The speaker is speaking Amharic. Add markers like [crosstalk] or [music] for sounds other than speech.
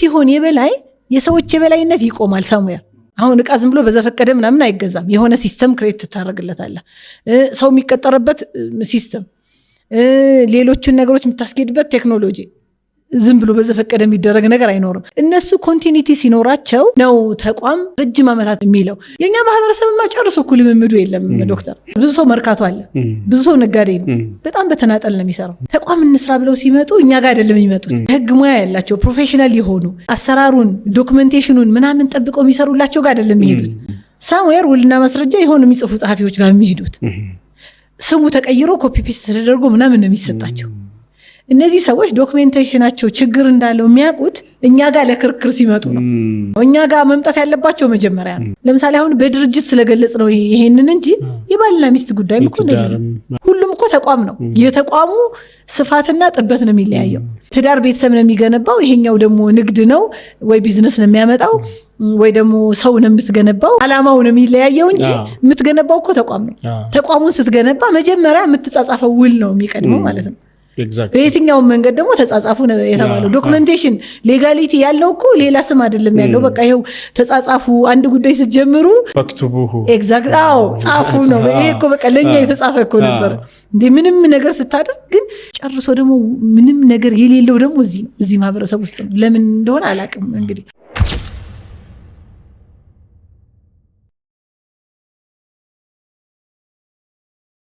ሲሆን የበላይ የሰዎች የበላይነት ይቆማል። ሳሙኤል አሁን እቃ ዝም ብሎ በዘፈቀደ ምናምን አይገዛም። የሆነ ሲስተም ክሬት ትታደረግለታለህ። ሰው የሚቀጠርበት ሲስተም፣ ሌሎቹን ነገሮች የምታስኬድበት ቴክኖሎጂ ዝም ብሎ በዘፈቀደ የሚደረግ ነገር አይኖርም። እነሱ ኮንቲኒቲ ሲኖራቸው ነው ተቋም ረጅም ዓመታት የሚለው። የእኛ ማህበረሰብማ ጨርሶ እኮ ልምምዱ የለም ዶክተር። ብዙ ሰው መርካቶ አለ፣ ብዙ ሰው ነጋዴ ነው። በጣም በተናጠል ነው የሚሰራው። ተቋም እንስራ ብለው ሲመጡ እኛ ጋር አይደለም የሚመጡት። ህግ ሙያ ያላቸው ፕሮፌሽናል የሆኑ አሰራሩን ዶክመንቴሽኑን ምናምን ጠብቀው የሚሰሩላቸው ጋር አይደለም የሚሄዱት። ሳሙዌር ውልና ማስረጃ የሆኑ የሚጽፉ ጸሐፊዎች ጋር የሚሄዱት ስሙ ተቀይሮ ኮፒ ፔስት ተደርጎ ምናምን ነው የሚሰጣቸው። እነዚህ ሰዎች ዶክሜንቴሽናቸው ችግር እንዳለው የሚያውቁት እኛ ጋር ለክርክር ሲመጡ ነው። እኛ ጋር መምጣት ያለባቸው መጀመሪያ ነው። ለምሳሌ አሁን በድርጅት ስለገለጽ ነው ይሄንን እንጂ የባልና ሚስት ጉዳይ ሁሉም እኮ ተቋም ነው። የተቋሙ ስፋትና ጥበት ነው የሚለያየው። ትዳር ቤተሰብ ነው የሚገነባው፣ ይሄኛው ደግሞ ንግድ ነው ወይ ቢዝነስ ነው የሚያመጣው ወይ ደግሞ ሰው ነው የምትገነባው። አላማው ነው የሚለያየው እንጂ የምትገነባው እኮ ተቋም ነው። ተቋሙን ስትገነባ መጀመሪያ የምትጻጻፈው ውል ነው የሚቀድመው ማለት ነው። በየትኛውም መንገድ ደግሞ ተጻጻፉ የተባለው ዶክመንቴሽን ሌጋሊቲ ያለው እኮ ሌላ ስም አይደለም ያለው። በቃ ይኸው ተጻጻፉ፣ አንድ ጉዳይ ስትጀምሩ ኤግዛክት ጻፉ [laughs] ነው። ይሄ እኮ በቃ ለእኛ የተጻፈ እኮ ነበረ እንደ ምንም ነገር ስታደርግ ግን ጨርሶ ደግሞ ምንም ነገር የሌለው ደግሞ እዚህ ነው እዚህ ማህበረሰብ ውስጥ ነው። ለምን እንደሆነ አላውቅም እንግዲህ